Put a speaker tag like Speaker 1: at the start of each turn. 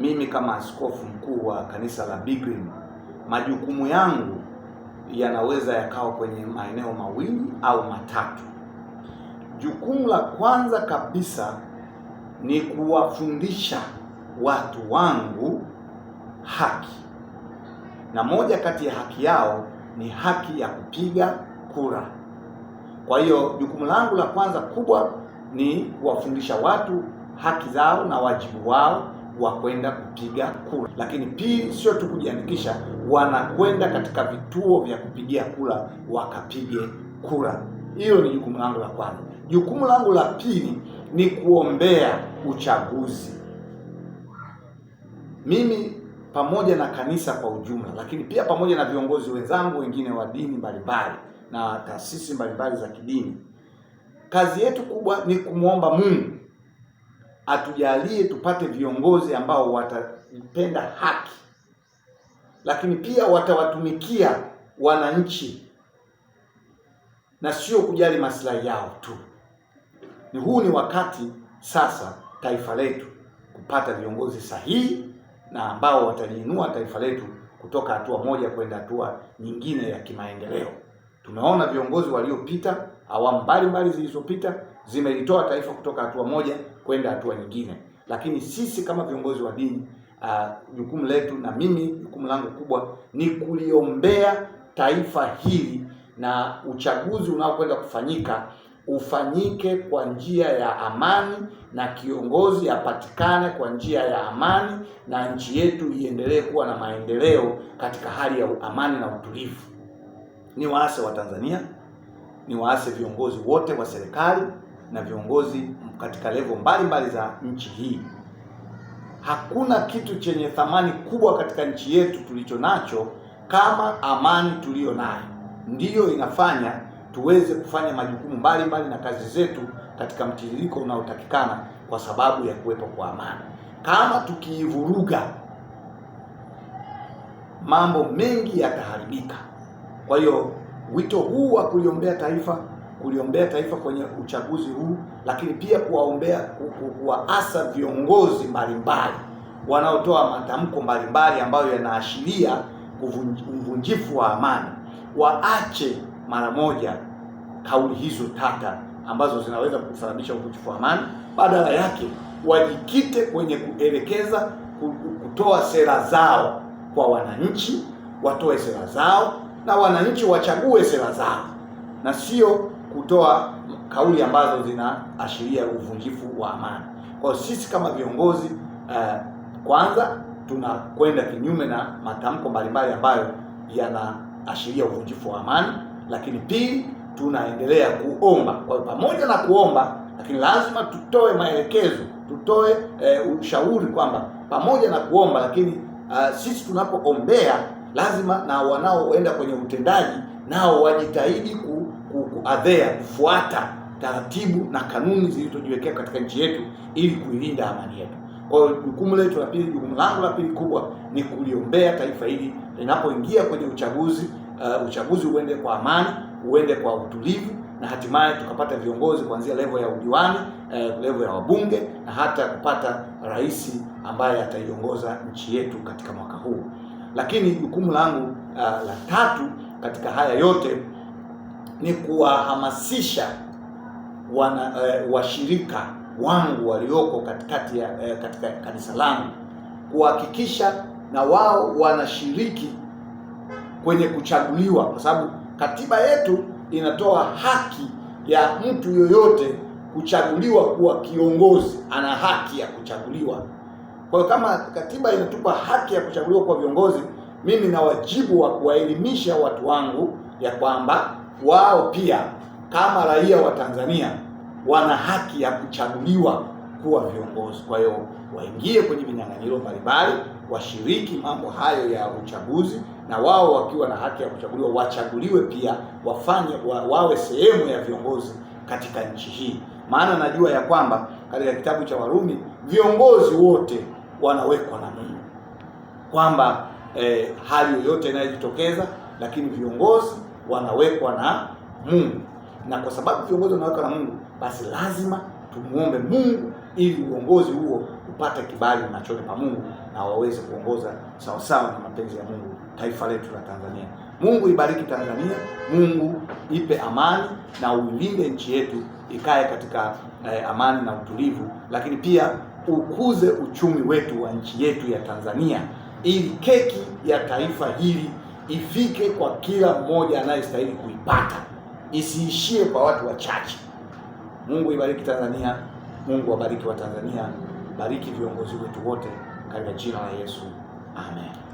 Speaker 1: mimi kama askofu mkuu wa kanisa la Bigrim, majukumu yangu yanaweza yakawa kwenye maeneo mawili au matatu. Jukumu la kwanza kabisa ni kuwafundisha watu wangu haki, na moja kati ya haki yao ni haki ya kupiga kura. Kwa hiyo jukumu langu la kwanza kubwa ni kuwafundisha watu haki zao na wajibu wao wa kwenda kupiga kura, lakini pili, sio tu kujiandikisha, wanakwenda katika vituo vya kupigia kura wakapige kura. Hiyo ni jukumu langu la kwanza. Jukumu langu la pili ni kuombea uchaguzi, mimi pamoja na kanisa kwa ujumla, lakini pia pamoja na viongozi wenzangu wengine wa dini mbalimbali na taasisi mbalimbali za kidini. Kazi yetu kubwa ni kumwomba Mungu atujalie tupate viongozi ambao watapenda haki, lakini pia watawatumikia wananchi na sio kujali maslahi yao tu. Ni huu ni wakati sasa taifa letu kupata viongozi sahihi na ambao wataliinua taifa letu kutoka hatua moja kwenda hatua nyingine ya kimaendeleo. Tumeona viongozi waliopita, awamu mbalimbali zilizopita zimelitoa taifa kutoka hatua moja kwenda hatua nyingine, lakini sisi kama viongozi wa dini ah, jukumu uh, letu na mimi jukumu langu kubwa ni kuliombea taifa hili na uchaguzi unaokwenda kufanyika ufanyike kwa njia ya amani na kiongozi apatikane kwa njia ya amani na nchi yetu iendelee kuwa na maendeleo katika hali ya amani na utulivu ni waase wa Tanzania, ni waase viongozi wote wa serikali na viongozi katika levo mbalimbali za nchi hii. Hakuna kitu chenye thamani kubwa katika nchi yetu tulicho nacho kama amani tuliyo nayo, ndiyo inafanya tuweze kufanya majukumu mbalimbali na kazi zetu katika mtiririko unaotakikana kwa sababu ya kuwepo kwa amani. Kama tukiivuruga, mambo mengi yataharibika. Kwa hiyo wito huu wa kuliombea taifa, kuliombea taifa kwenye uchaguzi huu, lakini pia kuwaombea, kuwaasa viongozi mbalimbali wanaotoa matamko mbalimbali ambayo yanaashiria uvunjifu wa amani, waache mara moja kauli hizo tata ambazo zinaweza kusababisha uvunjifu wa amani, badala yake wajikite kwenye kuelekeza, kutoa sera zao kwa wananchi, watoe sera zao na wananchi wachague sera zao na sio kutoa kauli ambazo zinaashiria uvunjifu wa amani. Kwa hiyo sisi kama viongozi uh, kwanza tunakwenda kinyume na matamko mbalimbali ambayo yanaashiria uvunjifu wa amani, lakini pili tunaendelea kuomba. Kwa hiyo pamoja na kuomba, lakini lazima tutoe maelekezo, tutoe uh, ushauri kwamba pamoja na kuomba, lakini uh, sisi tunapoombea lazima na wanaoenda kwenye utendaji nao wajitahidi ku, ku, kuadhea kufuata taratibu na kanuni zilizojiwekea katika nchi yetu ili kuilinda amani yetu. Kwa hiyo jukumu letu la pili, jukumu langu la pili kubwa ni kuliombea taifa hili linapoingia kwenye uchaguzi, uh, uchaguzi uende kwa amani, uende kwa utulivu na hatimaye tukapata viongozi kuanzia levo ya udiwani, eh, uh, levo ya wabunge na hata kupata rais ambaye ataiongoza nchi yetu katika mwaka huu. Lakini jukumu langu uh, la tatu katika haya yote ni kuwahamasisha wana uh, washirika wangu walioko katikati ya uh, katika kanisa langu kuhakikisha na wao wanashiriki kwenye kuchaguliwa, kwa sababu katiba yetu inatoa haki ya mtu yoyote kuchaguliwa kuwa kiongozi. Ana haki ya kuchaguliwa. Kwa hiyo kama katiba inatupa haki ya kuchaguliwa kwa viongozi, mimi na wajibu wa kuwaelimisha watu wangu ya kwamba wao pia kama raia wa Tanzania wana haki ya kuchaguliwa kuwa viongozi. Kwa hiyo waingie kwenye vinyang'anyiro mbalimbali, washiriki mambo hayo ya uchaguzi, na wao wakiwa na haki ya kuchaguliwa wachaguliwe pia, wafanye wa, wawe sehemu ya viongozi katika nchi hii, maana najua ya kwamba katika kitabu cha Warumi viongozi wote wanawekwa na Mungu kwamba eh, hali yoyote inayojitokeza, lakini viongozi wanawekwa na Mungu, na kwa sababu viongozi wanawekwa na Mungu, basi lazima tumuombe Mungu ili uongozi huo upate kibali machoni pa Mungu na waweze kuongoza sawasawa na mapenzi ya Mungu taifa letu la Tanzania. Mungu ibariki Tanzania, Mungu ipe amani na uilinde nchi yetu ikae katika eh, amani na utulivu, lakini pia ukuze uchumi wetu wa nchi yetu ya Tanzania ili keki ya taifa hili ifike kwa kila mmoja anayestahili kuipata, isiishie kwa watu wachache. Mungu ibariki Tanzania. Mungu wabariki wa tanzania bariki viongozi wetu wote katika jina la Yesu, amen.